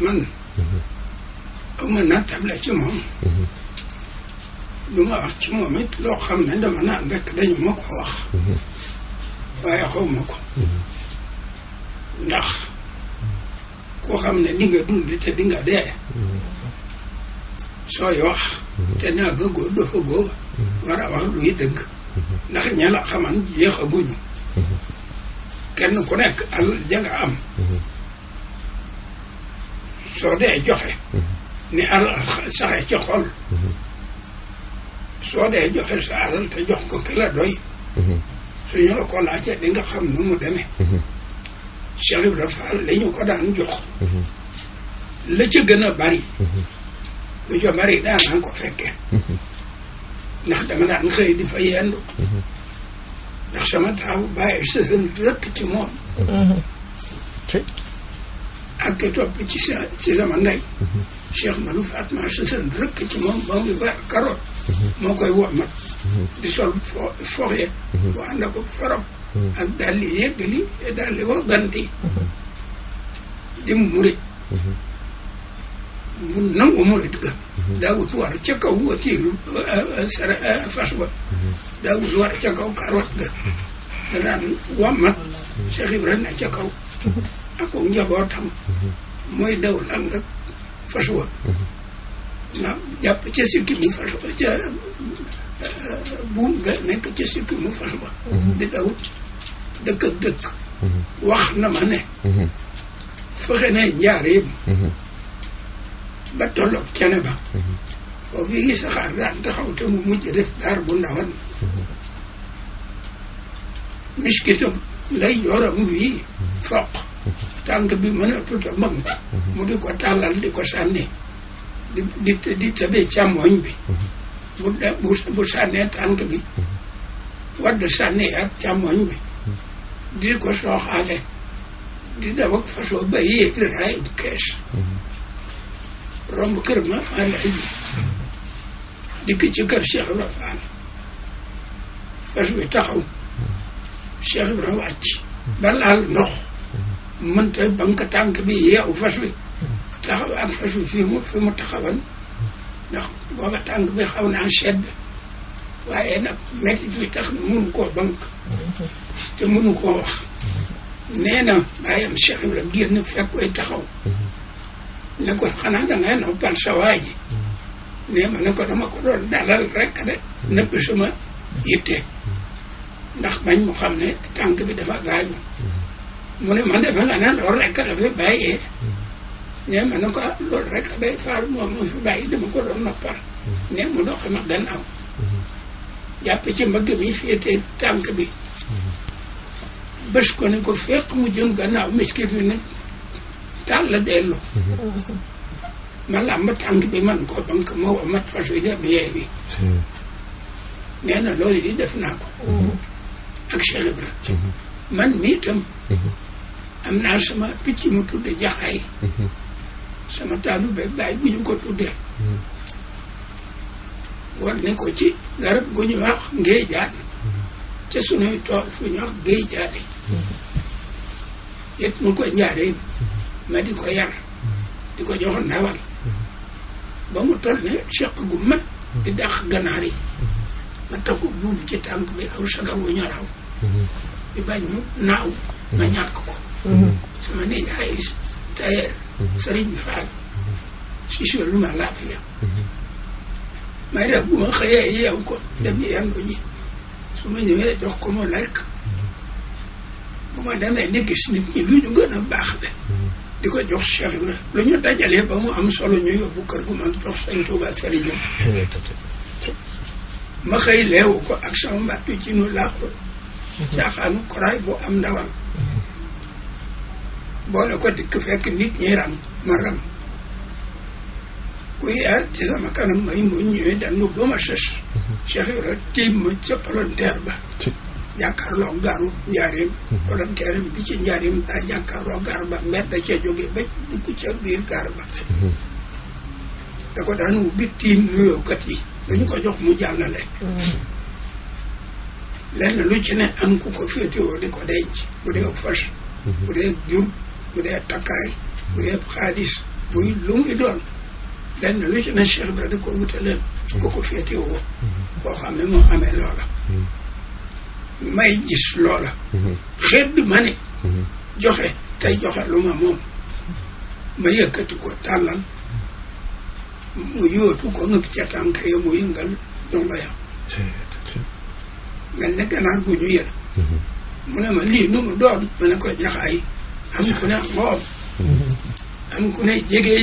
man a nattable ci moom lu ma wax ci moom it loo xam ne dama naan rekk dañu ma ko wax waaye xaw ma ko ndax koo xam ne dinga dund te dinga dee sooy wax te naa gëgoo dafa goo war a wax luy dëgg ndax ña la xaman jeexaguñu kenn ku nekk alal ja nga am soo dee joxe mm-hmm. ni alal saxe ci xol mm-hmm. soo dee joxe sa alal te jox ko ki la doy mm-hmm. suñu la ko laajee di nga xam nu mu demee Cheikh Ibrahima Fall la ñu ko daan jox la ca gën a bari lu ca bari daanaa ko fekke ndax dama daan xëy di fa yendu ndax sama taaw bàyyi sësal rëkk ci moom akketo appu ci ci sama ndey mhm. cheikh malou fatma sa sën rëkk ci moom ba muy weer karoot moo koy wommat di sol foxe bu ànd ak faram ak daal di yeggali daal di woo ganti di murit mu nangu murit ga daawut war ca kaw watiiru sara fas ba daawut war ca kaw karoot ga da daan wommat cheikh ibrahima ca kaw aku njaboot am mooy daw lan nga fas wa na jàpp ca sikki mu fas wa ca buum nga nekk ca sikki mu fas wa di daw dëkk ak dëkk wax na ma ne fexe ne njaareem ba tolloog cene ba foofu yi saxaar daan taxaw te mu mujj def daar bu ndawan miskitam nday jooram wii foq tànk bi mën a tuta mag mhm. mu di ko tàllal di ko sànni di di di tëbee bi bu mhm. de bu bu sànnee tànk bi mhm. wadd sànni ak càmmoñ bi di ko sooxaale di def ak façon ba yéeg raayu kees romb kër ma maa lay ji dikk ci kër Cheikh Ibrahima Fall fas bi taxaw Cheikh Ibrahima wàcc ba ndox من بنك تانك بي هي وفشوي تخاف عن فشوي في في منتخب بابا تانك بي خاون عن شد وانا ما تجي تخدمون كو بنك تمون كو وخ نينا بايا مشيخ ولا بدير نفك ويتخاف نقول خنا هذا غير نقول شواجي نعم انا كنت ما كنت دلال رك نبشما يتي نخ باني مخامنه تانك بي دفا غايو mu ne man defe naa ne loolu rek la fi bàyyee ne ma ne ko ah loolu rek bay faal moom mu fi bàyyi dama ko doon noppal ne mu dox ma gannaaw jàpp ci mbagg bi féete tànk bi bés ko ne ko fekk mu jëm gannaaw miski bi ne taal la dellu ma làmb tànk bi man ko donc ma wax mat fas wi dem yee wi nee na loolu di def naa ko mhm. ak Cheikh Ibra man mii tam mhm. am naa sama picc mu tudde jaxaay mhm. sama taalu beeg baay bu ñu ko tuddee mhm. war ne ko ci garab gu ñu wax ngéejaan ca mhm. sunuy tool fu ñu wax géejaane it mu ko njaareen ma di ko yar di ko jox ndawal ba mu toll ne seq gu mat di dàq ganaar yi ma takku buum ci tànk bi aw saga wu di bañ mu naaw ma ñàkk ko sama nijaay is tailleur Serigne Fall si lu ma laafiya may def bu ma xëyee yeew ko dem yendu ji su ma ñëwee jox ko mu lekk bu ma demee ni gis nit ñi lu ñu gën a baax de di ko jox Cheikh Ibra lu ñu ba mu am solo ñu kër gu mag jox Sëñ ma xëy leewu ko ak sama mbàttu ci nu laaxul caaxaanu koraay bu am ndawal boole ko dikk fekk nit ñi ram ma ram ku yaar ci sama kanam may mu ñëwee danu ba ma sës mhm. Cheikh Ibra tiim ma ca palanteer ba jàkkaarloo gaaru njaareem palanteeram mhm. bi ci njaareem daa jàkkaarloo gaar ba mbedd da cee jóge ba dugg ca biir gaar ba mhm. da ko daan ubbi tiim nuyookat yi duñ ko jox mu jàllale lenn lu ci ne am ku ko féetewoo di ko denc bu dee fas bu dee jur bu dee takkaay bu dee xaalis buy lu muy doon lenn lu ci ne Cheikh Ibra da ko wuta leen ko ko féete woo koo xam ne moo amee loola may gis loola xedd ma ne joxe tey joxe lu ma moom ma yëkkati ko tàllal mu yóotu ko ngëb ca tànk ya mu yëngal dongo ya mel ne ganaar gu ñu yële mu ne ma lii nu mu doon ma ne ko jaxaay am ku ne xool am ku ne jege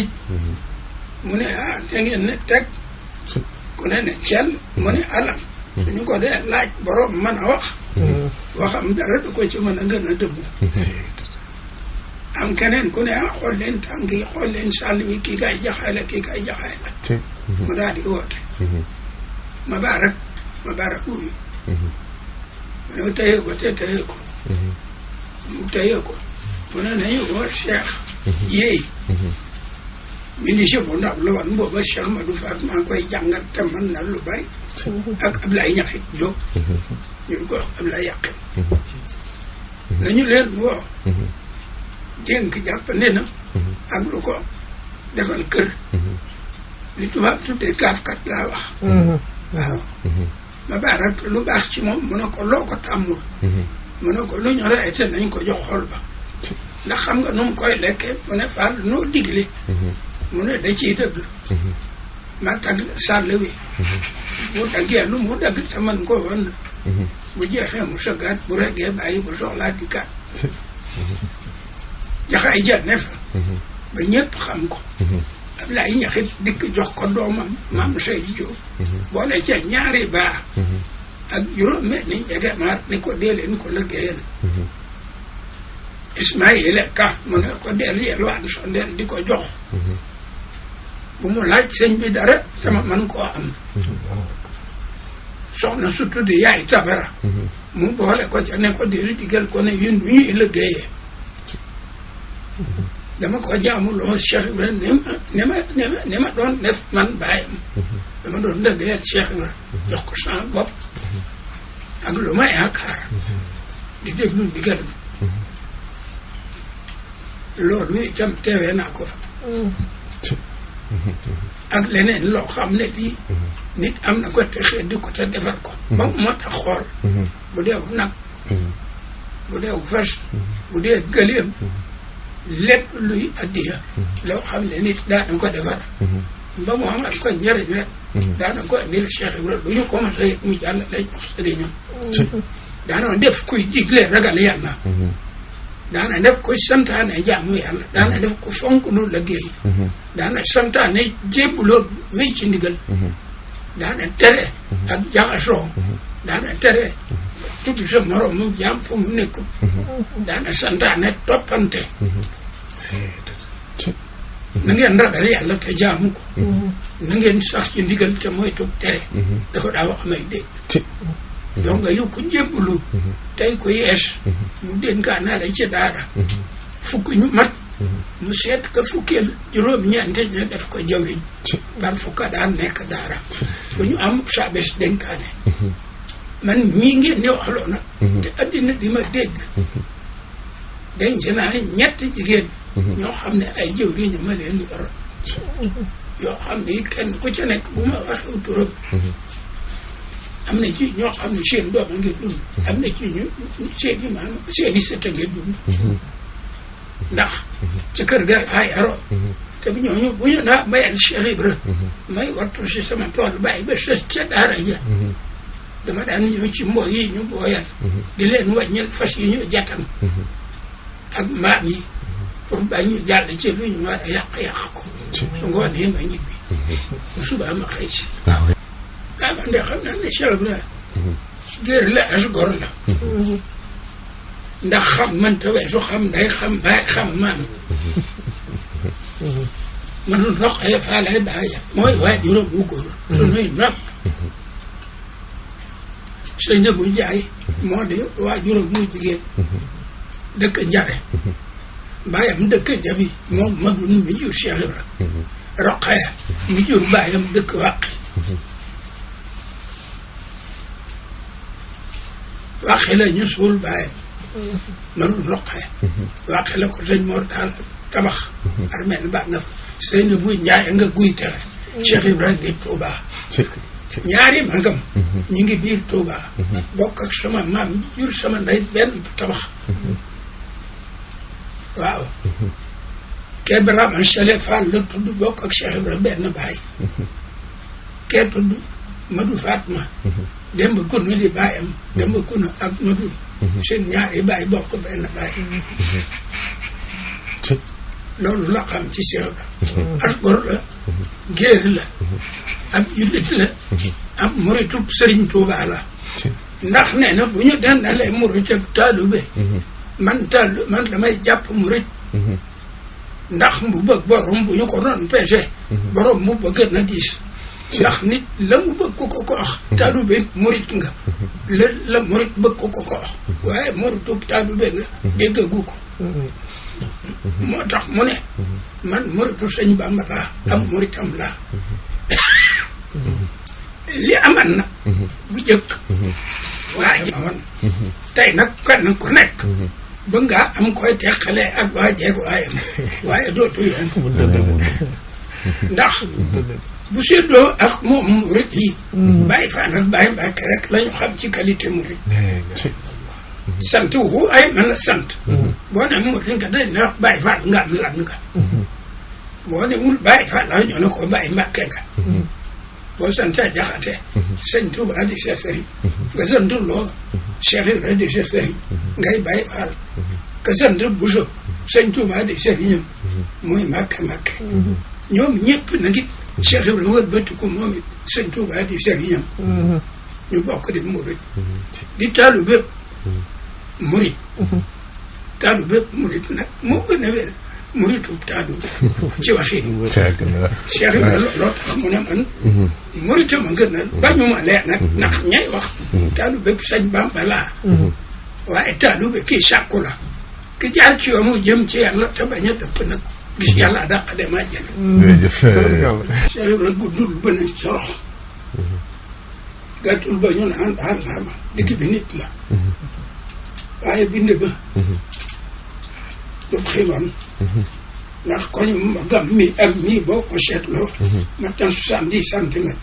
mu ne ah te ngeen ne teg ku ne ne cel mu ne alam dañu ko dee laaj borom mën a wax waxam dara du ko ci mën a gën a dëggu am keneen ku ne ah xool leen tànk yi xool leen sàll i kii kay jaxaay la kii kay jaxaay la mu daal di woote ma baarak ma baarak wuyu mu ne tëye ko te tëye ko mu tëye ko 보는 na 뭐 셰프 예 mini chef bu ndaw la woon booba Cheikh Madou Faat maa ngi koy jàngal te mën lu bari ak Ablaye Ñaxit Diop ñu di ko wax Ablaye Yàqin nañu leen woo dénk jàppandi na ak lu ko defal kër li tubaab tuddee kaafkat laa wax waaw ba baax rek lu baax ci moom mu ne ko loo ko tàmmul mu ne ko lu ñoree te nañ ko jox ba ndax xam nga nu mu koy lekkee mu ne Fall noo digle. mu ne da ciy dëgg. ma tagg sàll wi. mu daggee lu mu dagg te man ko woon na. bu jeexee mu sëggaat bu reggee bàyyi bu soxlaa dikkaat. jaxaay jat ne fa. ba ñëpp xam ko. Ablaye ñaxit dikk jox ko doomam maam Seydou Diop. boole ca ñaari baa. ak juróom-benn njëgamaar ni ko dee leen ko liggéeyal. Ismaïl Ka mu ne ko del yelwaan so del di ko jox bu mu laaj sëñ bi dara dama man koo am soxna su tudd yaay tabara mu boole ko ca ne ko del digal ko ne yun du ñuy liggéeyee dama ko jaamuloo Cheikh Ibrahima ne ma ne ma ne ma ne ma doon def man bàyyam dama doon liggéeyal Cheikh Ibrahima jox ko sama bopp ak lu ma yaakaar di déglu ndigalam loolu itam teewee naa ko fa ak leneen loo xam ne lii nit am na ko te xeddi ko te defar ko ba mu mat a xool mhm. bu deew nag mhm. bu deew vache mhm. bu dee gëléem lépp luy addiya loo xam ne nit daana ko defar ba mu amal ko njëriñ rek daana ko andil Cheikh Ibrahima du ñu commencé mu jàll lay jox sëriñam daanoon def kuy digle ragal yàlla daana def ko santaane jaamu yàlla daana def ko fonk lu liggéey mhm. daana santaane jébbuloo wéy ci ndigal mhm. daana tere mhm. ak jaxasoo daana tere tudd sa morom mu jaam fu mu nekkul daana santaane toppante na ngeen ragal yàlla te jaamu ko na ngeen sax ci ndigal te moytu tere da ko daa wax donc yow ku jébbalu mhm. tey ku yees ñu mhm. dénkaana la ci daara mhm. fukk ñu mat mu seet ka fukkeel juróom ñeente ñu def ko jawriñ par fukka daan nekk daara fu ñu am sabes dénkaane man ñii ngeen di waxloo nag te addina di ma dégg denc naa ñett jigéen ñoo xam ne ay jawriñu ma leen yoroon yoo xam ne kenn ku ci nekk bu ma waxee turam am na ci ñoo am ne seen doom a ngi dund mm-hmm. am na ci ñu seen i maam seen i sët a ngi dund mm-hmm. ndax mm-hmm. ci kër ga ay aro te bu ñooñu bu ñu naa mayal Cheikh Ibra may wattu si sama tool bàyyi ba sës ca daara ja dama daan ñëw ci mbooy yi ñu mbooyal di leen wàññil fas yi ñu jatam ak maam yi pour bañ ñu jàll ci lu ñu war a yàq ko su ngoonee ma ñibbi bu subaa ma xëy si ah أبدا خلنا شربنا غير لا أشكر له ده خم من تبع شو خم ده خم هاي خم من من الرق هي فعل هاي بهاي ما هي واحد يروح بوكور شنو هي الرق سيدنا بوجاي ما دي واحد يروح بوجاي دك جاري baya mda ka jabi mo madun mi yur shahira raqaya mi yur baya mda ka waqi waxila ñu suul bàyyam nanu loqee waxila ko sëñ Mor Tall tabax armeel ba nga fa sëñ bu Njaay nga guy texe Cheikh Ibrahima gi Touba ñaari magam mhm. ñu ngi biir Touba mhm. bokk ak sama maam jur sama ndey benn tabax mhm. waaw kee Birame Sele Fall la tudd bokk ak Cheikh Ibrahima benn baay kee tudd Madou Fatma Demba Kono di baayam. Mm-hmm. Demba Kono ak Madou. Mm-hmm. seen ñaari baay bokk benn baay. Mm-hmm. loolu la xam ci Cheikh Ibra. ak gor la. géer la. ab jullit la. ab muritu Serigne Touba la. ndax nee na bu ñu dendalee murit ak taalube. man taalu man damay jàpp murit. ndax mu bëgg borom bu ñu ko doon pêché. borom mu bëgg na diis. ndax nit la mu bëgg ko ko ko wax. taalube murit nga. la murit bëgg ko ko ko waaye muritub taalube nga. déggagu ko. moo tax mu ne. man muritu sëñ Bàmba laa am muritam laa. li aman na. bu jëkk. waaye amoon. tey nag kenn ku nekk. ba ngaa am koy teqalee ak waa jeeg waayam waaye dootu yomb. ndax. Bushido akmo muridi bai fana bai bai karak lañu xam ci qualité murid sant wu ay man sant mhm. boo ne murid nga day na bai fat nga am lan nga mhm. boo ne wul bai fat la ñu ko bai makke nga mhm. boo sante jaxate sëñ Tuuba di Cheikh Seri nga sant loo Cheikh Ibra di Cheikh Seri ngay bai fal nga sant Bousso sëñ Tuuba di Serigne mooy makke makke ñoom ñëpp nag it Cheikh Ibrahima wëlbati ko moom it sëñ Touba di sëriñam mhm. ñu bokk di murit mhm. di taalu bépp mhm. murit taalu bépp murit nag moo gën a wér muritu taalu bépp ci waxin Cheikh Ibrahima loo tax mu ne man muritu ma gën a bañuma lee nag ndax ñay wax taalu bépp sañ Bamba laa waaye taalu bépp kii sàkku la ki jaar ci yoonu jëm ci yàlla te bañ a dëpp nag bis yàlla dàq dem àjjana. jërëjëf Cheikh Ibra guddul ba ne sorox. gàttul ba ñu naan xaar naa ma dëkk bi nit la. waaye bind ba. du xiiwam. ndax koñ magam mi ak mii boo ko seetloo. mat na soixante-dix centimètres.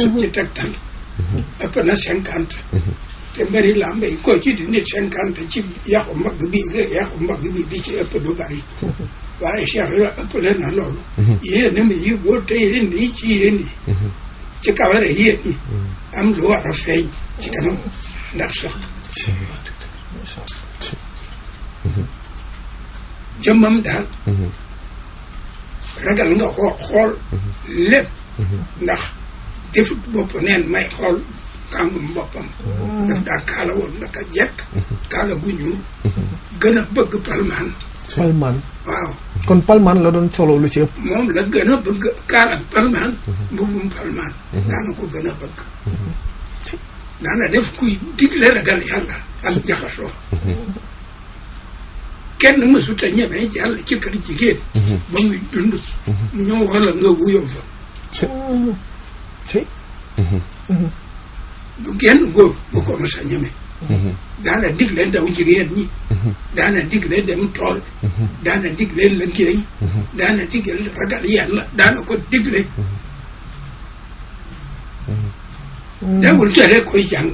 su ci tegtal. ëpp na cinquante. te mbari làmba yi ci di nit cinquante ci yaxu mbagg bi nga yaxu mbagg bi di ci ëpp du bari. waaye Cheikh Ibra ëppale na loolu. yéen a ngi boo tëyee nii ci yéen ñi. ci kaw rek yéen am lu war a feeñ ci kanam ndax sax. jëmmam daal. ragal nga ko xool. lépp. ndax defut bopp neen may xool kàngum boppam. daf daa kaala woon naka jekk. kaala gu ñuul. gën a bëgg palmaan. palmaan waaw. kon palmaan la doon solo lu ci moom la gën a bëgg kaar ak palmaan. mbubbum palmaan. daana ko gën a bëgg. daana def kuy digle ragal yàlla ak jaxasoo. kenn mësut a ñemee jàll ci kër jigéen. ba muy dund. mu ñëw wala nga wuyoo fa. du genn góor ko mës a daana digle ndaw jigéen ñi mhm. daana digle dem tool mhm. daana digle liggéey mhm. daana digle ragal yàlla daana ko digle dawul tere koy jàng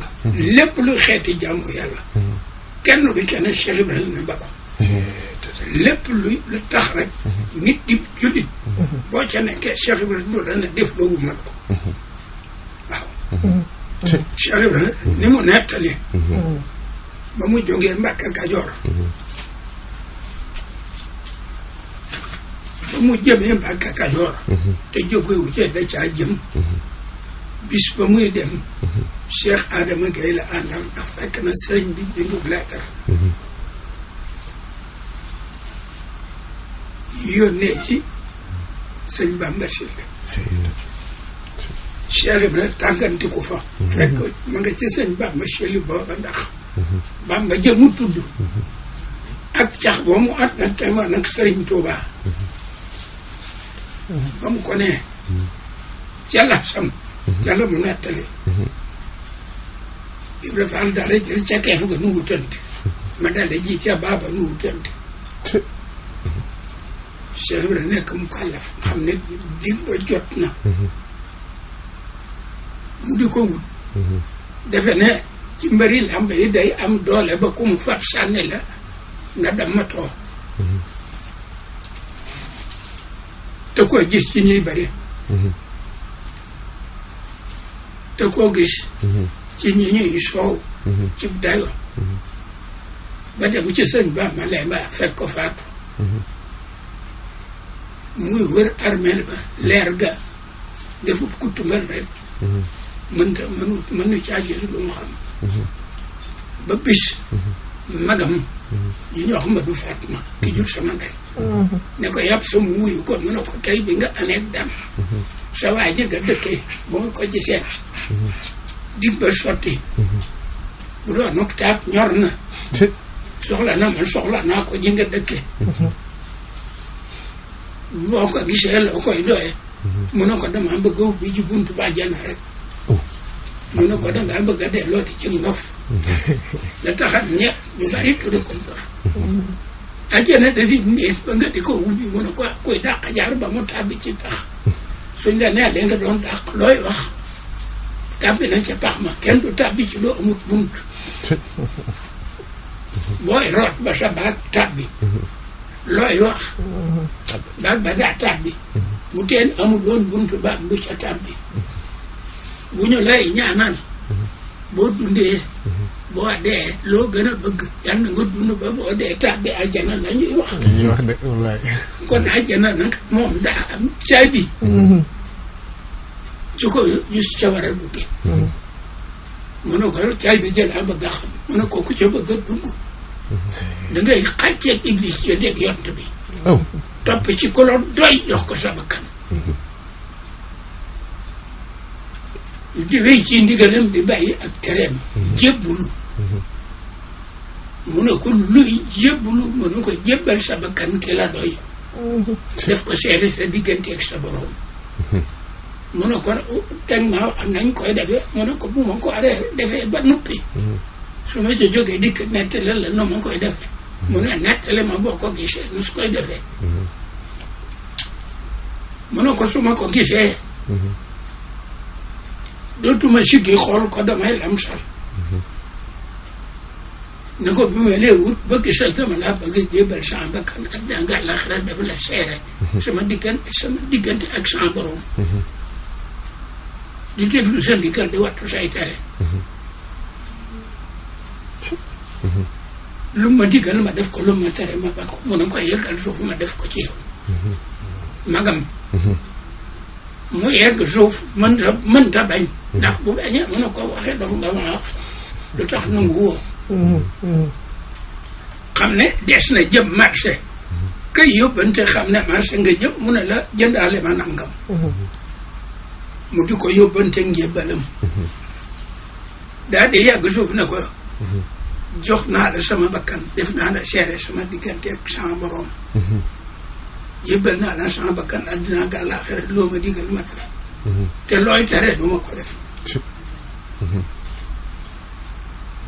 lépp lu xeeti jàmmu yàlla kenn bi kenn Cheikh Ibrahima lépp lu tax rek nit di jullit boo ca nekkee Cheikh Ibrahima dana def loobu man ko waaw Cheikh Ibrahima mhm. ni mu nettali mhm. mm. ba mu jógee Mbàkke Kajoor mhm. ba mu jëmee Mbàkke Kajoor te jógewu cee da caa jëm bis ba muy dem Cheikh Adama Gaye la àndal ndax fekk na sëriñ bi bindub lettre yónnee ci sëñ Bamba Sylla Cheikh Ibra tàggantiku fa mhm. fekk ma nga ci sëñ Bamba Chely booba ndax mhm. Bamba jëmu tudd mhm. ak cax ba mu at na temoon nag sëriñ Tuuba ba mu ko nee ca lasam ca la mu nettali Ibra Fall dala jël ca keef nga nu wutante ma dala ji ca baaba nu wutante Cheikh Ibra nekk mu kàllaf xam ne dig ba jot na mu di ko wut defe ne ci mbëri làmb yi day am doole ba ku mu fab sànni la nga dammatoo te koo gis ci ñuy bëri te koo gis ci ñi ñuy soow ci dayo ba dem ci ba ma lay ba fekk ko faatu muy wër armeel ba leer ga defub kuttumal rek mënta mënu mënu ci àgg lu mu mhm. ba bis mhm. magam mhm. ñu ñoo ma du Fatma ki jur sama ndey ne ko yàpp sama wuyu kon mu ne ko tey bi nga amee dam sa ji nga dëkkee boo ko ji nga dëkkee ko gisee loo koy doyee ko dama bëgg ubbi ji buntu ba jana rek ñu ne ko dangaa bëgg a dellooti ci ndof la taxat ñepp ñu bari tudde ko ndof ajjana dafi neex ba nga ko ubbi mu ne ko koy dàq jaar ba mu tàbbi ci pax suñ la nee lee nga doon dàq looy wax tàbbi na ca pax ma kenn du tàbbi ci loo amut bunt booy root ba sa baag tàbbi looy wax baag ba daa tàbbi mu teen amul woon bunt baag du ca bu ñu lay ñaanal boo dundee boo dee loo gën a bëgg yal na nga dund mm-hmm. mm-hmm. ba boo dee tàbbi ajjana la ñuy wax ñuy wax kon ajjana nag moom daa am caabi su ko ñu ca war a duggee mu ne ko caabi jëlaa bëgg a xam mu ne ko ku ca bëgg a dugg da ngay xàcceeg iblis jëndeeg yont bi oh. topp ci ku la doy jox ko sa bakkan di wéy ci ndigalam di bàyyi ak tereem mhm. jébbulu mhm. mu ne ko luy jébbulu mu ne ko jébbal sa bakkan ki la doy mhm. def ko seere sa diggante ak sa borom mu ne ko teg naa am nañ koy defee mu ne ko bu ko aree defee ba noppi su ma ca jógee dikk nettali la no ma koy defee mu ne nettali ma boo ko gisee nu koy defee mu ne ko su ko gisee dootuma siggi xool ko damay lam sal ne ko bi ma lee wut ba gisal dama laa bëgg a jébal sama bakkan ak danga àllaaxira daf la seere sama diggante sama diggante ak sama borom di déglu sa ndigal di wattu say tere lu ma digal ma def ko lu ma tere ma bakko mu ne ko yëgal suuf ma def ko ci yow magam mu yegg suuf mën ta mën ta bañ ndax bu bañee mën a ko waxee dof nga mën a wax du xam ne des na jëm marché kay yóbbante xam ne marché nga jëpp mu ne la jëndaale ma nangam mu di ko yóbbante njébbalam daa di yàgg suuf ne ko jox naa la sama bakkan def naa la seere sama diggante ak sama borom jébbal naa la sama bakkan àddina ak àllaaxira loo ma digal ma def te looy tere du ma ko def Mm-hmm.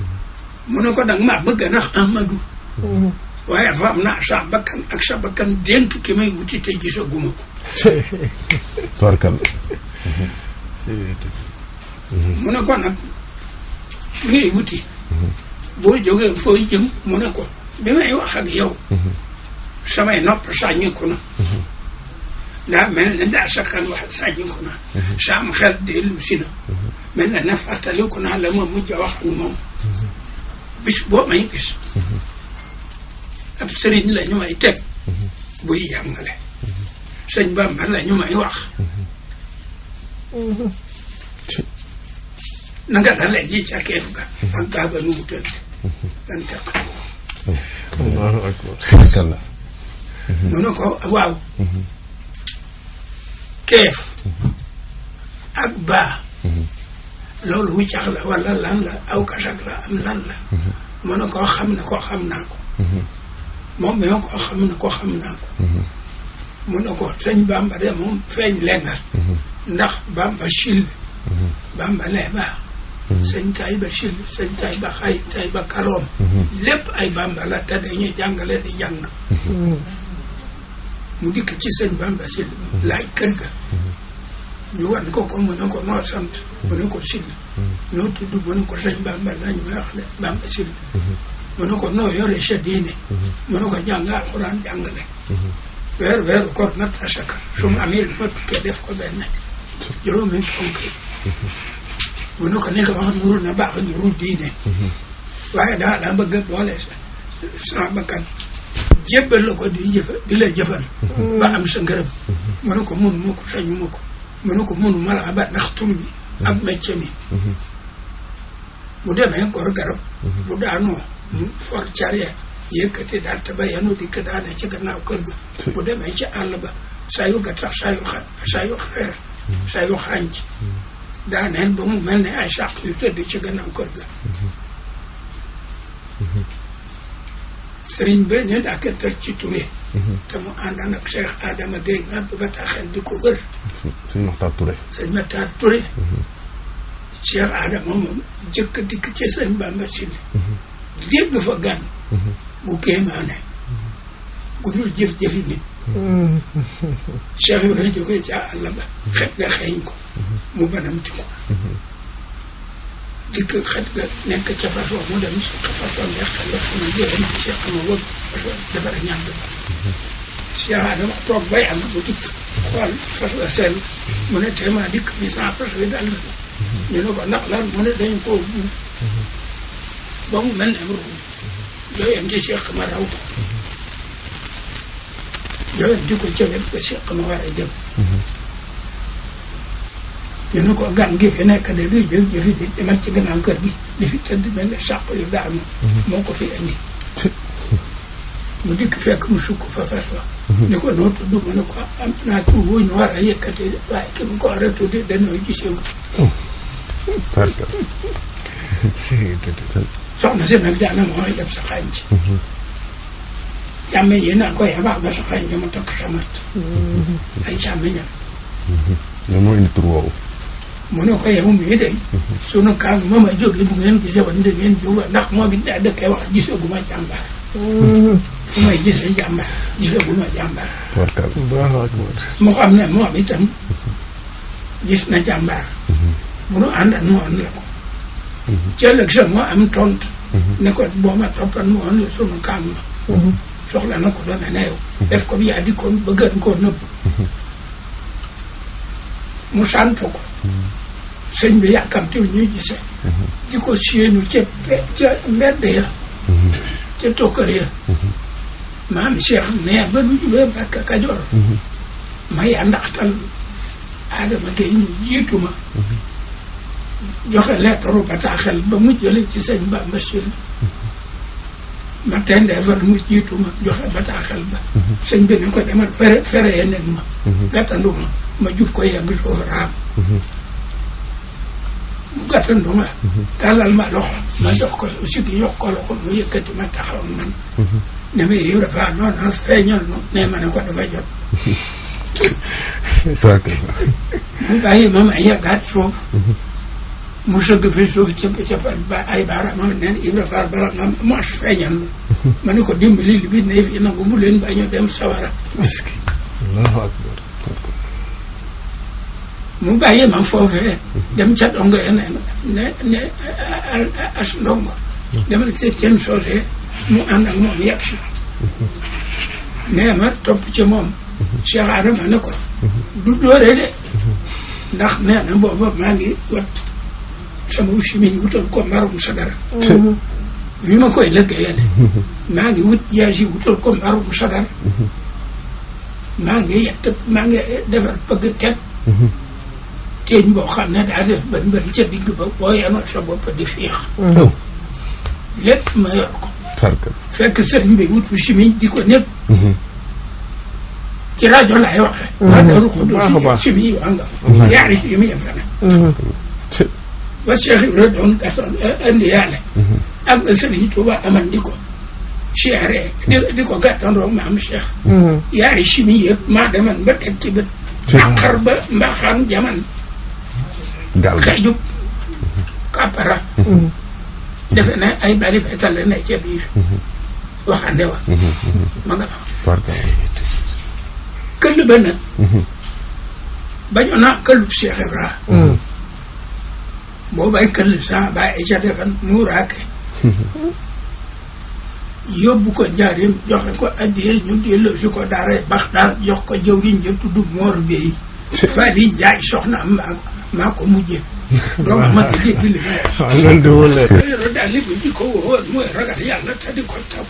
Mm-hmm. mu ne ko danga maa bëgg a nax Amadou. Mm-hmm. waaye faam naa sa bakkan ak sa bakkan dénk ki may wuti te gisaguma ko. tubarkal. mu ne ko nag ki wuti. boo jógee foo jëm mu ko bi may wax ak yow. samay nopp sàññeeku na. لا من لا شك واحد ساجن كنا شام خل ديلو سينا من نفع تلو كنا لما مجا واحد مم بش بو ما يكش أبصرين لا نما يتك بوي يعمله سن بام هلا نما يوخ نقدر هلا يجيك أكيد أنت هذا نوتك أنت الله أكبر تبارك الله نونو كو واو keef ak baa loolu wuccax la walla lan la aw kasak la am lan la mën a koo xam ne ko xam naa ko moom mi ma koo xam ne koo xam naa ko mu ne ko sëñ bamba de moom feeñ lengal ndax bamba silbi bamba lee baa sëñ tay ba silbi sëñ tay ba kaloom lépp ay bamba la te dañuy jàngale di jàng mu dikk ci sëñ Bamba Sylla laaj kër ga ñu wan ko ko mu ne ko noo sant mu ne ko Sylla noo tudd mu ne ko sëñ Bamba la ñu ne mu ne ko noo yore sa diine mu ne ko weer weeru koor nat asaka su mu amee lu ma def ko benn juróomi ponk yi mu ne ko ni nga wax nuru na baax nuru diine waaye daal daa bëgg boole sa sama yeɓɓel la ko di jëfa di la jëfal mm-hmm. ba am sa ngërëm mu ne ko mun ma ko sañu ma ko mu ne ko mun ma laa ba ndax tur bi ak métier mi mm-hmm. mu demee gor garab bu mm-hmm. daanoo mu for carrière yëkkati daal te ba yenu dikk daane ci gannaaw kër ga bu demee ci àll ba saa yu gattax saa yu xa saa yu xeer saa yu xànc daaneel ba mu mel ne ay sàq yu tëdd ci gannaaw kër ga sëriñ ba ñu dàkkatal ci Touré. Mhm. te mu àndoon ak Cheikh Adama Gueye napp bataaxel di ko wër. sëñ Maxtaar Touré. sëñ Maxtaar Touré. Mhm. Cheikh Adama moom jëkk dikk ci sëñ Bamba si bi. Mhm. dégg fa gan. bu kéemaane. ku dul jëf-jëfi nit. Cheikh Ibrahima jógee ca àll ba. xet nga xeeñ ko. mu banamti ko. dikk xet ga nekk ca façon mu dem ca façon neex xel la xam ne jërëm ci ama wëg façon defar ñànd Cheikh Adama toog ba yàgg bu dikk xool fas la sell mu ne téema dikk mi sans fas wi dal ñu ne ko ndax lan mu ne dañ koo buub ba mu mel ne ruum yooyeen ci Cheikh ma raw ko yooyeen di ko jëmee ba Cheikh ma war a jëm ñu ko gan gi fi nekk de luy jóg jëfi di demal ci gannaaw kër gi di fi tëdd mel ne sàq yu daanu mhm. moo ko fi indi mu dikk fekk mu sukk fa fas fa mhm. ni ko noo tudd mu ne ko ah, am naa tur wu war a yëkkati waaye ki mu ko war a tuddi dañoo gisewut oh. soxna si nag daana moo yeb sa xaañ ci mhm. càmmeñ yi naa indi tur woowu đấy, ừ. số chưa mono ko ya mun bide sono ka ma ma jogi bu ngeen ko jaba ndé ngeen joba ndax mo bi da dëkk wax giso guma chạm fu may gisee jàmbaar giso guma jàmbaar mo xam ne chạm itam muốn na ăn bu nu ànd ak moon la ko ci ëllëg sa moo am tont ne ko boo ma toppan moon la sunu kaam ma soxla na ko doome na yow def ko bi yaa con, ko bëggan con nëbb muốn sant ko sëñ bi yàkkam te ñuy gisee di ko séenu ca ca mbedd ya ca tokkër ya maam Cheikh nee ba nu jubee Mbàkke Kajoor ma yaa ndaxtal Adama Gueye ñu jiitu ma joxe leetaru bataaxel ba mu jële ci sëñ Bamba Sylla ma tendeefal mu jiitu ma joxe bataaxel ba sëñ bi ni ko demal fere fere ye nekk ma gàttandu ma ma jub ko yegg soo raam gàttanduma tàllal ma loxo ma jox ko sigi jox ko loxo mu yëkkati ma taxaw man ne ma yiw dafa noonu feeñal nu ne ma ne ko dafa jot mu bàyyi ma ma yàggaat suuf mu sëgg fi suuf cëpp cëppal ba ay baaraamam neen Ibra Faal bala nga mos feeñal ma ma ne ko dimbali li bi ne fi nangu mu leen ba ñu dem sawara allahu akbar mu bàyyee ma foofee dem ca dongo ya ne ne ne as ndongo demal ca ceen soosee mu ànd ak moom yegg si nee ma topp ci moom Cheikh Adama ne ko du dóore de ndax nee na booba maa ngi wat sama simiñ wutal ko marum sagar yu ma koy lëggéeyale maa ngi wut jaas yi wutal ko marum sagar maa ngi yett maa ngi defar pëgg teg تين بو خا نه عرف بن بن تي ديغ با بويا ما شبو بدي فيخ لب ما يركو ترك فك سيرن بي ووت بشي مي ديكو نيب كي راجو لا يوا ما دارو خدو شي مي واندا يعرف يمي فانا واش يا رد اون كاتون ان يعني ام سيرن توبا امان ديكو شيخ ديكو كاتون رو ما ام شيخ يعرف مي ما دمن بتكي بت ما ما خرب جمان gaal xeejub kàppara mhm. mhm. mhm. ba nag bañoon naa këllub Cheikh Ibra boo bay këll sa bay ay ca defan nuuraake yóbbu ko njaarim joxe ko addiyee ñu delloosi ko daaray Baxdaar jox ko jëwriñ jëpp tudd Moor Bey Fali Njaay soxna am ak ma ko muje don ma ke je kile ma anan dole ro da ni miji ko wo mo raga da yalla ta di ko ta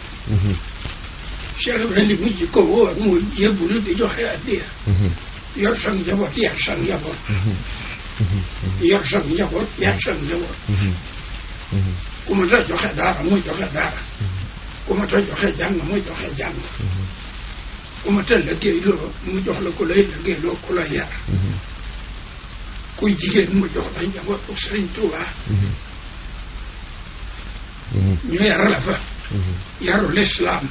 shekh ibrahim ni miji ko wo mo ye bulu de mm-hmm. mm-hmm. mm-hmm. jo haya de yo sang ya bot ya sang ya bot yo sang ya bot ya sang ya bot kuma ta jo ha da mo jo ha da kuma ta jo ha jang mo jo ha jang kuma ta lage lo mo jo la ko le lage lo ko la ya kuijigen mo jox dañ jam wax ko sëriñ Touba ñu yar la fa yaru l'islam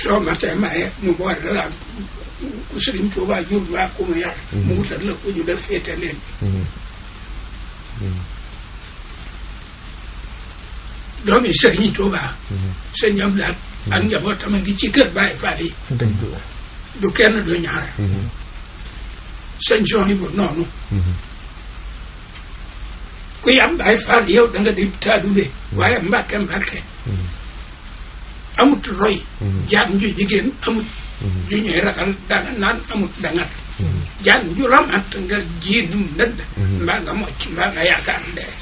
soo matee maye mu boor la ku sëriñ Touba jur maa ku mu yar mu wutal la ku ñu def féete leen doomi sëriñ Touba sa ñam laat ak njabootam a ngi ci kër Baye Fall yi du kenn du ñaar sañcoon yi bu noonu ku yam baay faal yow danga nga di taadule waaye mbàkke mbàkke amut roy jaan ju jigéen amut ju ñuy ragal dana naan amut dangat jaan ju lamat nga jiidum ndëdd mbaa nga mocc mbaa nga yaakaar dee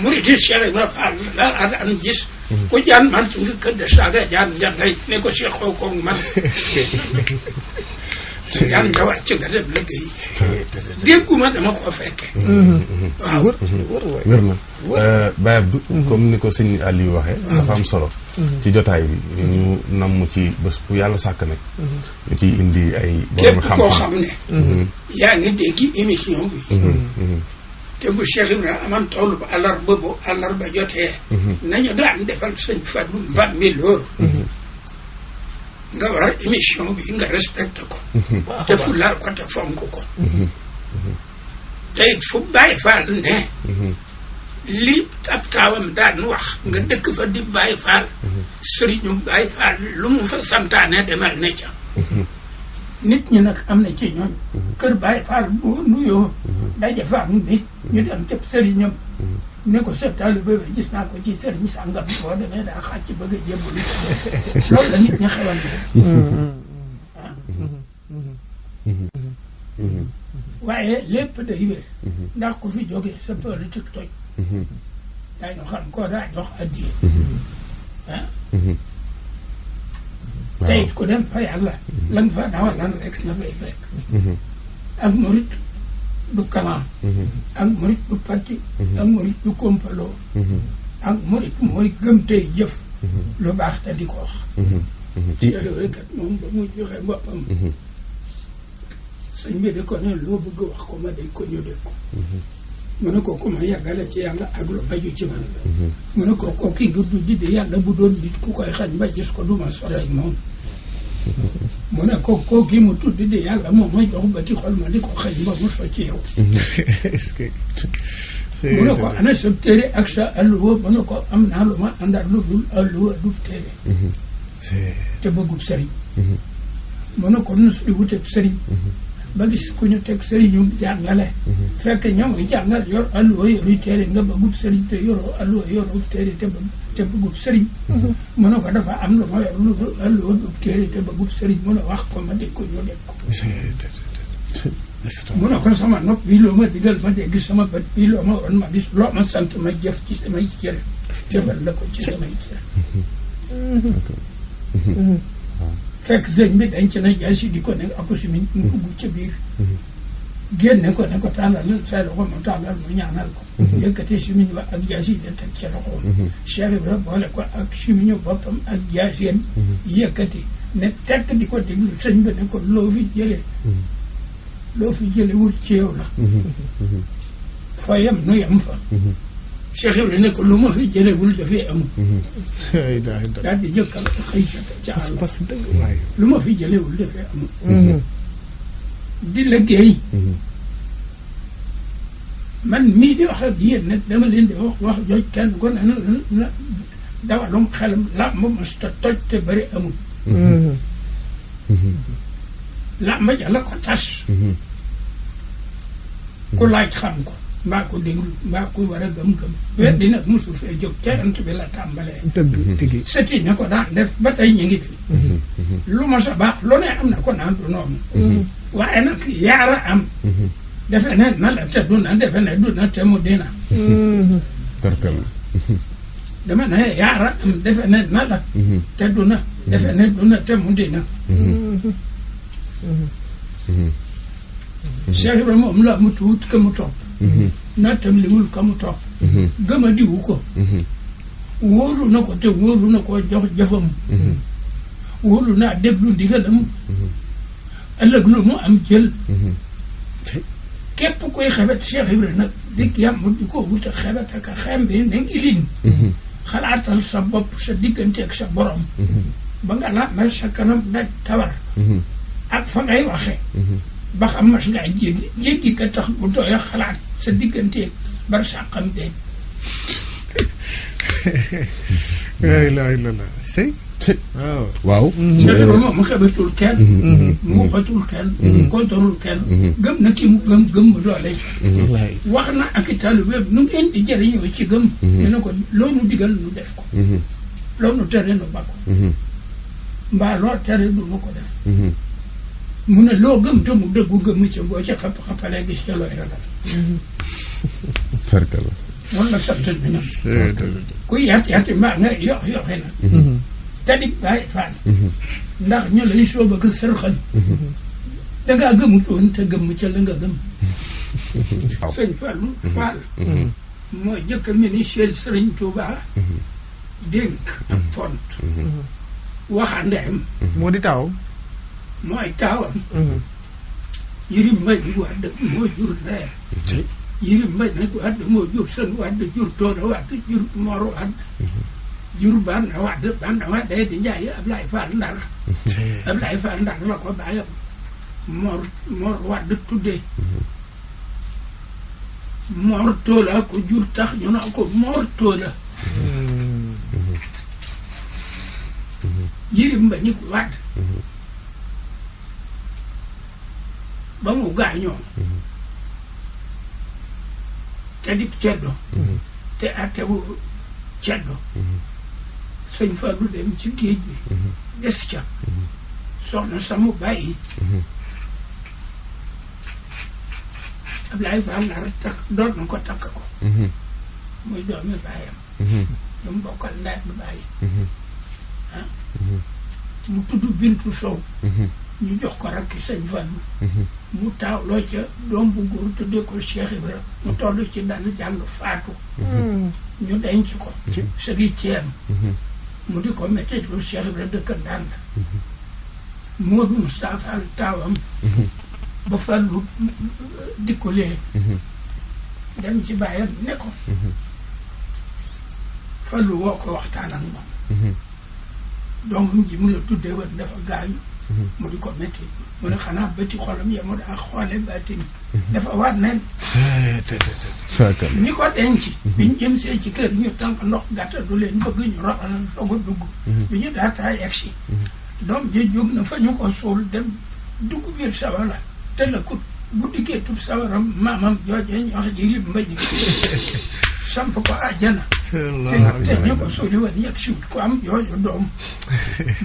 muriti Cheikh Ibra Fall la daan gis ku jaan man su nga këdd saaga jaan janday ne ko Cheikh xoo man sëriñ nga wàcc nga dem liggéey. dégguma dama ko fekke wër wër na. Eh, Baye Abdou. Mm-hmm. comme ni ko sëñ Aliou waxee. Mm-hmm. dafa am solo. Mm-hmm. ci jotaay bi ñu namm ci bés bu yàlla sàkk nag. ñu ciy indi ay. borom xam-xam képp koo xam ne. yaa ngi dégg émission bi. te bu Cheikh Ibrahima amoon toolu ba àllarba bu jotee. nañu daan defal sëñ Fadou Mbambi loolu. nga war émission bi nga respecté ko. Mhm. Mhm. Mhm. te fulaal ko te fonk ko. tey fu Baye Fall ne. lii ab taawam daan wax nga dëkk fa di Baye Fall. sëriñu Baye Fall lu mu fa santaane demal ne ca. nit ñi nag am na ci ñooñ kër Baye Fall bu nuyoo. daje fa ak nit ñu dem ca sëriñam. ne ko seet taalibe bi gis naa ko ci sëriñ sàngam boo demee daa xàcc bëgg a jébbalu loolu la nit ñi xewal bi waaye lépp day wér ndax ku fi jógee sa politique toj daañu xam koo daa jox addiye ah tey ku dem fa yàlla la nga fa dawal lan rek la fay fekk mhm. ak murit du kalan ak murit du parti ak murit du kompaloo ak murit mooy gëm tey jëf lu baax te di ko wax seerew rekkat moom ba muy joxe boppam sëñ bi di ko ne loo bëgg wax ko ma day ko ñu dégg ko mu ne ko ma yàggale ci yàlla ak lu aju ci man mu ne ko kooki gudd di di yàlla bu doon nit ku koy xañ ba gis ko du ma moom mu ne ko koo kii mu tudd di yàlla moom mooy jox bati xol ma di ko xëy ba mu socc yow. est-ce que. mu ne ko ana sa téere ak sa alluwa mu ko am naa lu ma àndaat lu dul alluwa mhm. te bu sëriñ. mu mhm. ne ko nu su di wuteeb sëriñ. ba gis ku ñu teg sëriñum jàngale mhm. fekk ña muy jàngal yor alluwa yoru téere nga bëggub sëriñ te yoroo alluwa yorub téere te te bëggub sëriñ mhm. mu ne ko dafa am lu ma yor lu alluwa bëgg téere te bëggub sëriñ mu ne wax ko ma dégg ko ñu dégg ko euh, mu ne ko sama nopp bi loo ma digal ma dégg sama bët bi loo ma won ma gis loo ma sant ma jëf ci samay cër jëfal la ko ci samay cër mhm. fekk sëñ bi denc na jaasi di ko ne accouchement ñu ko bucc ca biir génne ko ne ko tàllalal say loxo mu tàllal mu ñaanal ko mhm. yëkkati simiñ ba ak jaasi da teg ci loxoom mhm. Cheikh Ibra boole ko ak simiñu boppam ak jaasiyam mhm. yëkkati ne tekk di ko déglu sëñ bi ne ko loo fi jëlee loo fi jële wut ci yow la fa yem nu yem fa Cheikh Ibrahima ne ko lu ma fi jëleegul dafay amul. daal di jëkkal xëy àll parce que dëgg waaye lu ma fi jëleegul dafay amul. Mhm. di liggéey. Mhm. man mii di wax ak yéen nag dama leen di wax wax jooj kenn gone na na dawalum xelam làmb mos ta toj te bëri amul. Mhm. làmb ja la ko tas. ku laaj xam ko. mbaa mm. mm-hmm. ko déglu mbaa ko war a gëm-gëm wet dina musu fee jóg ca yant bi la tàmbalee dëgg tigi sëti ñu ko daan def ba tey ñu ngi fi mm-hmm. mm-hmm. lu ma sa baax lu ne am na ko naan du noonu waaye nag yaara am e defe ne na la te duna defe ne duna te mu dina tarkal dama ne yaara am defe ne na la te duna defe ne duna te mu dina Cheikh Ibrahima moom la mu tuut ka mu topp nattam li wul kamu topp gëm a diwu ko wóolu na ko te wóolu na ko jox jëfam wóolu naa déglu ndigalam ëllëg lu mu am jël képp koy xebet Cheikh Ibra nag dikk yàmm di ko wuta xebet ak a xem bi nañ ilin xalaatal sa bopp sa diggante ak sa borom ba nga làmmal sa kanam daj tawar ak fa ngay waxe ba xam mas ngaa jéggi jéggi ka tax bu doy xalaat sa digganteeg bar sàqam waaw waaw. njëriñ ba moom xebatul kenn. Mm-hmm. mu xatul kenn. Mm-hmm. kontorul kenn. Mm-hmm. gëm na ki gëm mu doole. wax na ak i taalibe nu ngeen di jëriñoo ci gëm. ñu ne ko loo nu digal nu def ko. loo nu tere nu ba mbaa loo tere du nu ko def. mu ne loo gëm te mu dëggu gëm ca boo ca xap xapalee gis ca looy ragal. tarkala. loolu la sartal ku yaat yaati mbaa nga yox yoxe nag. Mm-hmm. tadib bàyyi faal. Mm-hmm. ndax ñu lay soob ak sërxan. Mm-hmm. da ngaa gëmut woon te gëmm ca la gëm. sëñ Fallou Fall. moo jëkk a ministère Sëriñ Touba. moo di taw. Ừ. được moy tawam yiri may ni wadde mo jur được yiri may ni wadde mo jur sen wadde jur tono wadde jur moro an jur ban wadde ban wadde di jaay ablay fal ndar ablay fal ndar la ko bayam mor mor wadde tudde mor tola ko jur tax ñu na ko mor tola yiri mbani ko wadde ba mu gaañoo te di ceddo te attewu ceddo sëñ Fallou dem ci géej gi des ca soxna samu bàyyi Ablaye Fall nar takk doon na ko takk ko muy doomi bàyyam ñu mu bokkal ndey ak bàyyi mu tudd Bintu Sow ñu jox ko rakk sëñ fan mhm. mu taawloo ca doom bu góor tuddee ko Cheikh Ibra mu mhm. toll ci dana jàng faatu mhm. ñu denc ko sëgi ceem mu di ko métti lu Cheikh Ibra dëkk ndànd Moodu Moustapha taawam ba fàllu euh, dikkulee dem ci bàyyam ne ko fàllu woo ko waxtaan ak moom doomam ji la tuddee woon dafa gaañu mu di ko métti mu ne xanaa bëti xolam yemoo daa xoole baatin mhm. dafa waat ne ni ko denc biñ jëm see ci kër ñu tànk ndox gàtta du leen bëgg ñu roxal soog a dugg mhm. bi ñu daataa yegg si mhm. doom ji jóg na fa ñu ko suul dem dugg biir sawara te la ku bu dikkee tub sawaram maamam joojee ñu wax ji li mbañ sampogo ajana te ñoko soni woni yak siwt ko am yoyo doom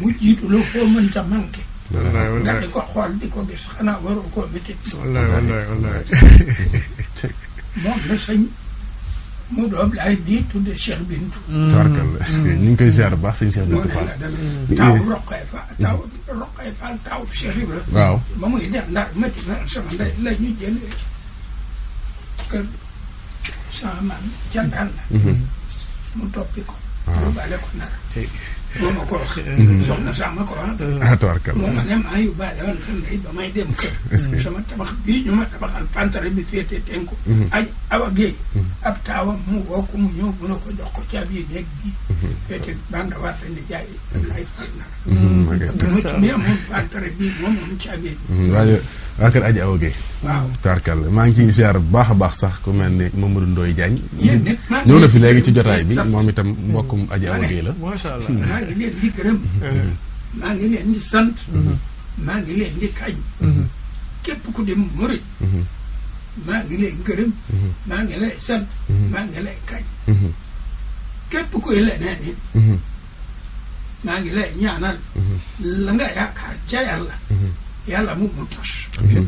mu jiitulo fo mënta manqué wallahi wallahi nga di ko xool di ko gis xanaa waroo koo métti wallahi wallahi wallahi moom la sëñ mu doom laay di tudde Cheikh Bintu tabarkalla ñu ngi koy ziar bu baax sëñ Cheikh Bintu Fall taaw roqee fa taaw roqee Fall taaw Cheikh Ibra waaw ba muy def ndar métti na sama ndey la ñu jëlee kër sama maam jandaan la mu toppi ko ah. yóbbaale ko nar moo ma ko wax mhm. soxna sax ma ko wax ah, moo ma ne maa yóbbaale woon sa ndey ba may dem kër sama tabax bii ñu ma tabaxal pantare bi féete tenku mhm. aj awa géey mhm. ab taawam mu woo ko mu ñëw mun a ko jox ko caabi néeg bi féete banda war sa nijaay Ablaye Fall nar mu ci mee moom pantare bi moom moom waa kër Adja Awa Guèye maa ngi ciy bu baax a baax sax ku mel ni Mamadou Ndoye Diagne ñëw na fi léegi ci jotaay bi moom itam mbokkum Adja Awa Guèye la macha allah maa leen di gërëm maa ngi leen di sant maa ngi leen di kañ képp ku képp kuy leneen maa ngi lay ñaanal la nga yaakaar ca yàlla yàlla mu mu tax mhm.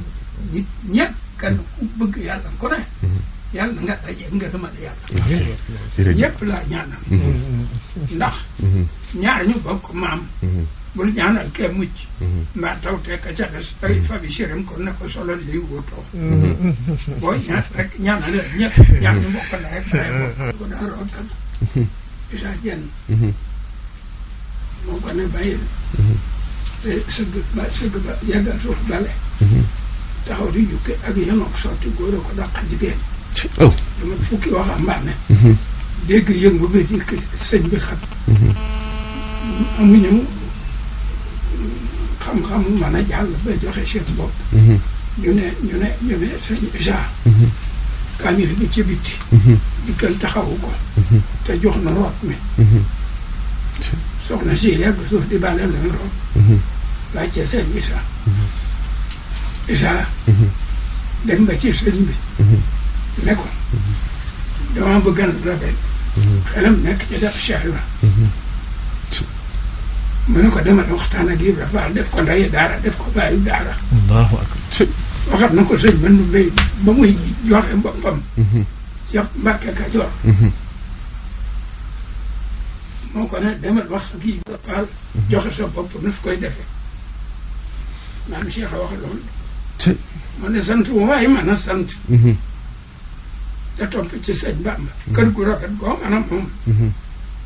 nit ñëpp kan ku bëgg ko ne mhm. yàlla nga daje nga demal yàlla mhm. ñëpp laa ñaanal ndax ñaar ñu bokk maam bul ñaanal kee mucc mbaa tawtee ka ca des ay fabi sérim ne ko solo lii wutoo booy ñaan rek ñaanal la ñëpp ñaar ñu bokk laay baay ko daa rootal sëgg ba sëgg ba yàggal suuf bale mhm. taxaw di jukki ak yenoog sotti góor a ko dàq jigéen oh. dama fukki waxambaane mhm. dégg yëngu bi di sëñ bi xam mhm. amuñu xam-xam mën a jàll ba joxe seen bopp ñu ne ñu ne ñu ne sëñ bi ci bitti dikkal taxawu ko te jox na root mi soxna si yàgg suuf di bale lay root laa sëñ Isa mm-hmm. Isa mm-hmm. dem ba ci sëñ bi mm-hmm. ne ko dama bëgg a rafet xelam nekk ci def Cheikh Ibra ne ko demal waxtaan ak Ibra Faal def ko ndayi daara def ko bàyyi daara waxat na ko sëñ mën nu bay joxe boppam joxe sa bopp koy defee ما مشي خواخلون ما نسنت وما هي ما نسنت ده توم بيتش سيد بام كان كورا كان قام أنا مم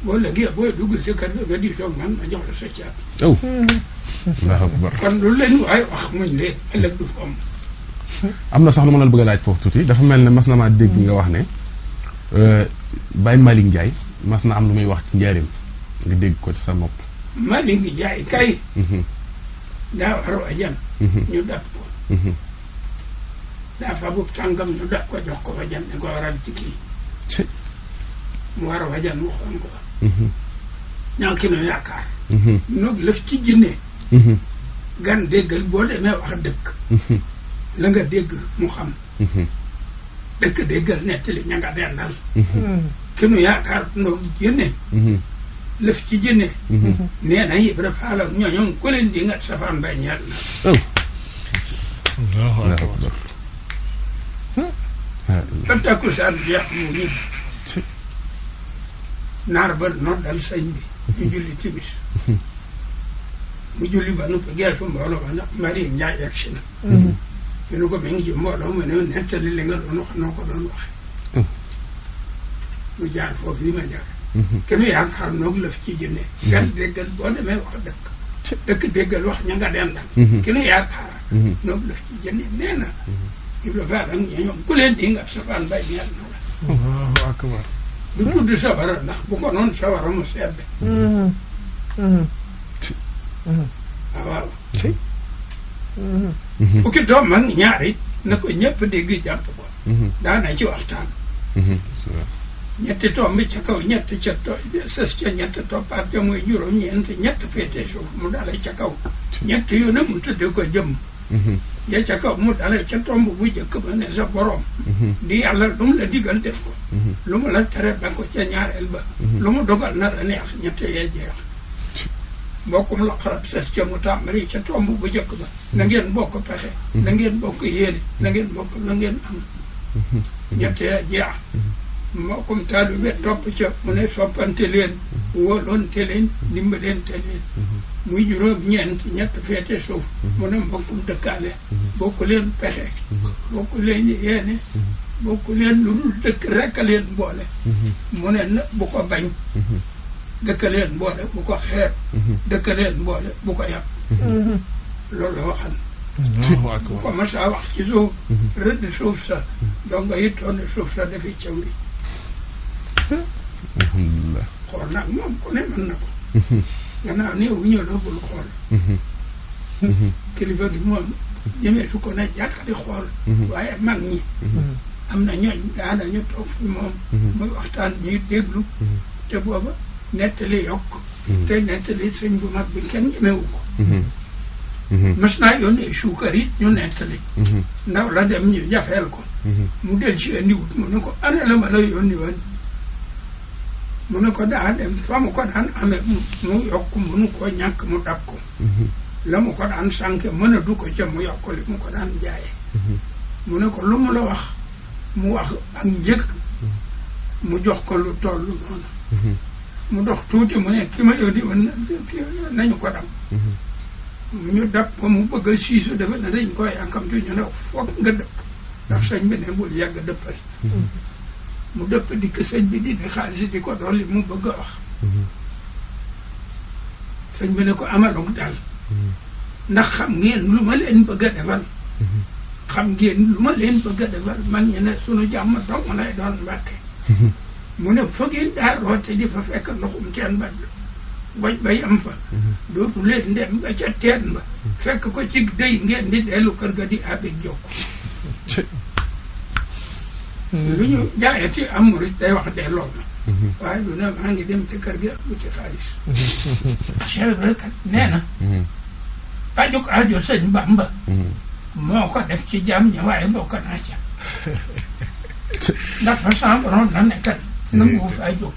بقول لك يا إيه، بوي دوجي سكر بدي شو من ما جاب له سكر أو الله أكبر كان لولا إنه هاي أخمن لي إلا كفهم amna sax lu ma la bëgg laaj foofu tuuti dafa mel ne mas na maa dégg nga wax ne bay Malick Ndiaye mas na am lu muy wax da waroo a jam ñu dab ko daa fabub tàngam ñu dab ko jox ko ne ko waral ci kii mu war a wajan mu xool ko ñàkki na yaakaar ci jinne gan déggal boo demee mhm. wax dëkk la nga dégg mu xam dëkk déggal nettali ña nga dendal ki nu yaakaar jinne lëf ci jënne mhm. nee na yëpp rek faaloog ñooñom ku leen di ngat safaan bay na oh. allahu akbar hmm? ba takkusaan mu ñibbi naar ba noddal sëñ bi ñu julli timis hmm. mu julli ba noppi geesu mbooloo ba hmm. ne ko nettali li nga doon wax noo oh. mu jaar foofu yi ma jaar kenu yaakaar noog la fi ci jënne mhm. gan déggal boo demee wax dëkk dëkk déggal wax ña nga den dal mhm. kenu yaakaar mhm. noog la fi ci jënne nee na Ibra Faal ak ñoom ku leen di nga safaan bay ñeel la bu ko noon sawara mu sedde ah, waaw waaw fukki doom ak ñaari na ko ñëpp dégg jàpp ko daana ci waxtaan niente to mica kau niente c'è to saskia niente to parte mu giuro niente niente fete shu mu dale c'è kau niente io non mutu de ko jam mm-hmm. ya c'è kau mu dale c'è to mu buja ko ne sa borom mm-hmm. di alla dum la digal def ko mm-hmm. lum la tere ba ko c'è ñaar elba lum dogal na la neex niente ye jeex bokkum la xarab saskia mu tamari c'è to mu buja ko na ngeen bokk pexe na ngeen bokk yéene na ngeen bokk la ngeen am niente ye jeex makom taaɗo ɓe toppa mone soppanteli en woɗon telen dimbaɗen telen mu juróom ñeent ñett feete suuf mu ne mbokkum dëkkaale bokk leen pexe bokk leen yeene bokk leen lu dul dëkk rekk leen boole mu ne na bu ko bañ dëkk leen boole bu ko xeeb dëkk leen boole bu ko yàpp loolu la waxan bu ko mas a wax ci suuf rëdd suuf sa donc it toon suuf sa dafay cawri alhamdulilah xool moom ku ne mën na ko. gannaaw néew bu ñëw doogul xool. kilifa gi moom jëmee ko ne jàkka di xool. waaye mag ñi. am na ñooñ daana ñu toog moom. muy waxtaan ñuy déglu. te booba nettali yokk. te nettali sëñ bu mag bi kenn ñemewu ko. mës naa yónnee suukar it ñu nettali. ndaw la dem ñu jafeel ko. mu del ci indiwut mu ne ko ana la ma la yónni mu ne ko daa dem fa mu ko daan amee mu yokk mënu ko ñàkk mu dab ko mhm. la mu ko daan sànke mën a du ko ca mu yokk mu ko daan jaaye mhm. mu ne ko lu mu la wax mu wax ak njëg mhm. mu jox ko lu toll noonu mu dox tuuti mu ne ki ma yónni woon nañu ko dam ñu dab ko mu bëgg a siisu defe na dañ koy yànkamtu ñu ne foog nga dëpp ndax sëñ bi ne bul yàgg dëppal mu dëpp dikk sëñ bi di xaalis di ko dolli mu bëgg wax mhm. sëñ bi ne ko amalug daal mhm. ndax xam ngeen lu ma leen bëgg defal xam ngeen lu ma leen bëgg a defal mhm. mag ñi ne sunu jàmm dong lay doon mbàkke mu ne fa ngeen daa roote di fa fekk ndoxum teen ba goj ba yam fa dootu leen dem ba ca teen ba fekk ko ci dëy ngeen di dellu kër ga di abit jokk lu ñu jaayati am murit day wax dee lool na mhm. waaye du ne maa ngi dem ci kër gi wuti xaalis Cheikh Ibra kat nee na mhm. pajuk aajo sëñ Bamba mhm. moo ko def ci jaam ñi waaye bokk naa ca ndax fa sama borom na nekkal nangu faa jóg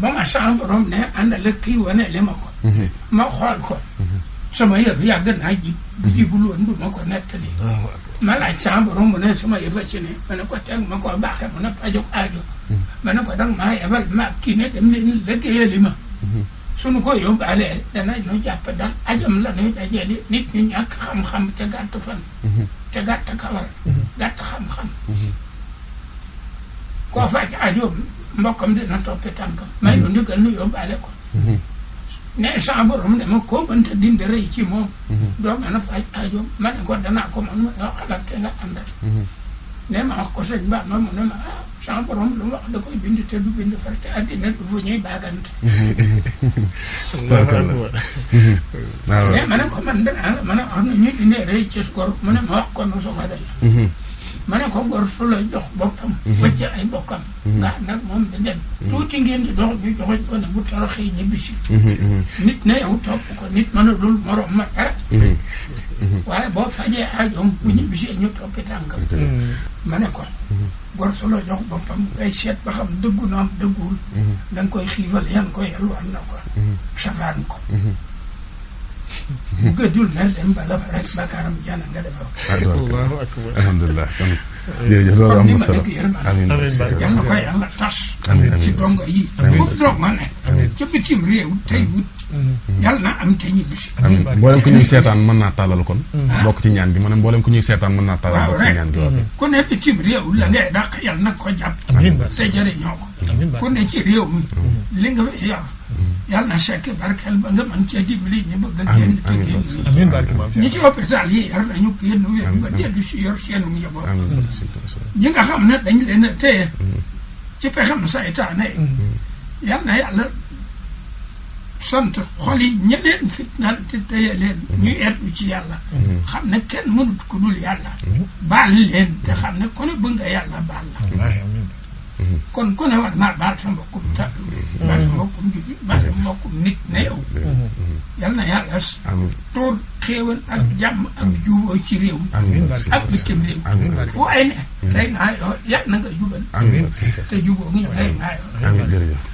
ba ma sama borom ne àndal ak kii wane li ma ko ma xool ko sama ya fi yagan na ji di bulu ndu ma ko netta ni ma la chambo romo ne sama ya fa chine ma ne ko tang ma ko ba ha ma na pa jok ajo ma ne ko dang ma ya bal ma kine dem ne le ke ye lima sunu ko yo ba le da na no ja pa dal ajam la ne da je ni nit ni ak xam xam te gatt fan te gatt kawar gatt xam xam ko fa ci ajo mbokam dina toppe tangam may no ndigal nu yo ba le ko ne Jean borom ne ma koo mënta dindi ci moom. Mhm. doo mën a faj aajoom ma a ko danaa ko man ma ne wax ak ah, te mhm. ne ma wax ko sëñ Ba ma mu ne ma ah Jean borom lu mu wax da koy bind te du bind far te àddina du fu ñuy baagante. Mhm. waaw ma ne ko man danaa ma ne wax ne ñu indee rëy ci gor mu ne ma wax ko nu soog a ma ne ko gor su la jox boppam. Mhm. wëcce ay bokkam. Mhm. ndax nag moom di dem. Mhm. tuuti ngeen di dox ñu joxoñ ko ne bu toroxee ñibbisi. nit ne yow topp ko nit mënalul morom ma dara. waaye boo fajee aajoom bu ñibbisee ñu toppi tànkam. ma ne ko. gor su la jox boppam ngay seet ba xam dëggu naam dëgguwul. da koy xiifal yan koy yalwaan na ko. safaan ko. bu gëjul mel dem ba la fa rek baakaaram yàlla nga defar ko. allahu akbar alhamdulilah. jërëjëf am na solo ci dongo yi. fu doog ma ne. ca bitim réew tey wut. Mm-hmm. yàlla na am te ñu bisi. amiin ñuy seetaan mën naa tàllal kon. bokk ci ñaan gi maanaam mboolem ko ñuy seetaan mën naa tàllal bokk ci ñaan gi. waaw ne bitim réew la ngay dàq yàlla na ko jàpp. te jëriñoo ko. ku ne ci réew mi mm-hmm. li nga fi yàlla. yal nasha ke bar khel banga man che di bli ni bga gen ni ke gen amin bar ke mam ni ke hospital ye yar na nyu ke nu ye bga de du shi yor shi nu ye bo ni nga kham na dang le na te che pe kham sa eta ne yal na yal sant kholi ni le fit na te ken mun ku dul yalla ba te kham na ko ne bunga yalla amin kon ku ne war naa baal sa mbokkum tàllu bi baal sa mbokkum jullit baal sa nit ne yow mm-hmm. yal na yàlla tuur xéewal ak jàmm ak juboo ci réew mi ak bitim réew fu ay ne tey naa yoo yal na nga jubal te juboo ngi ay naa yoo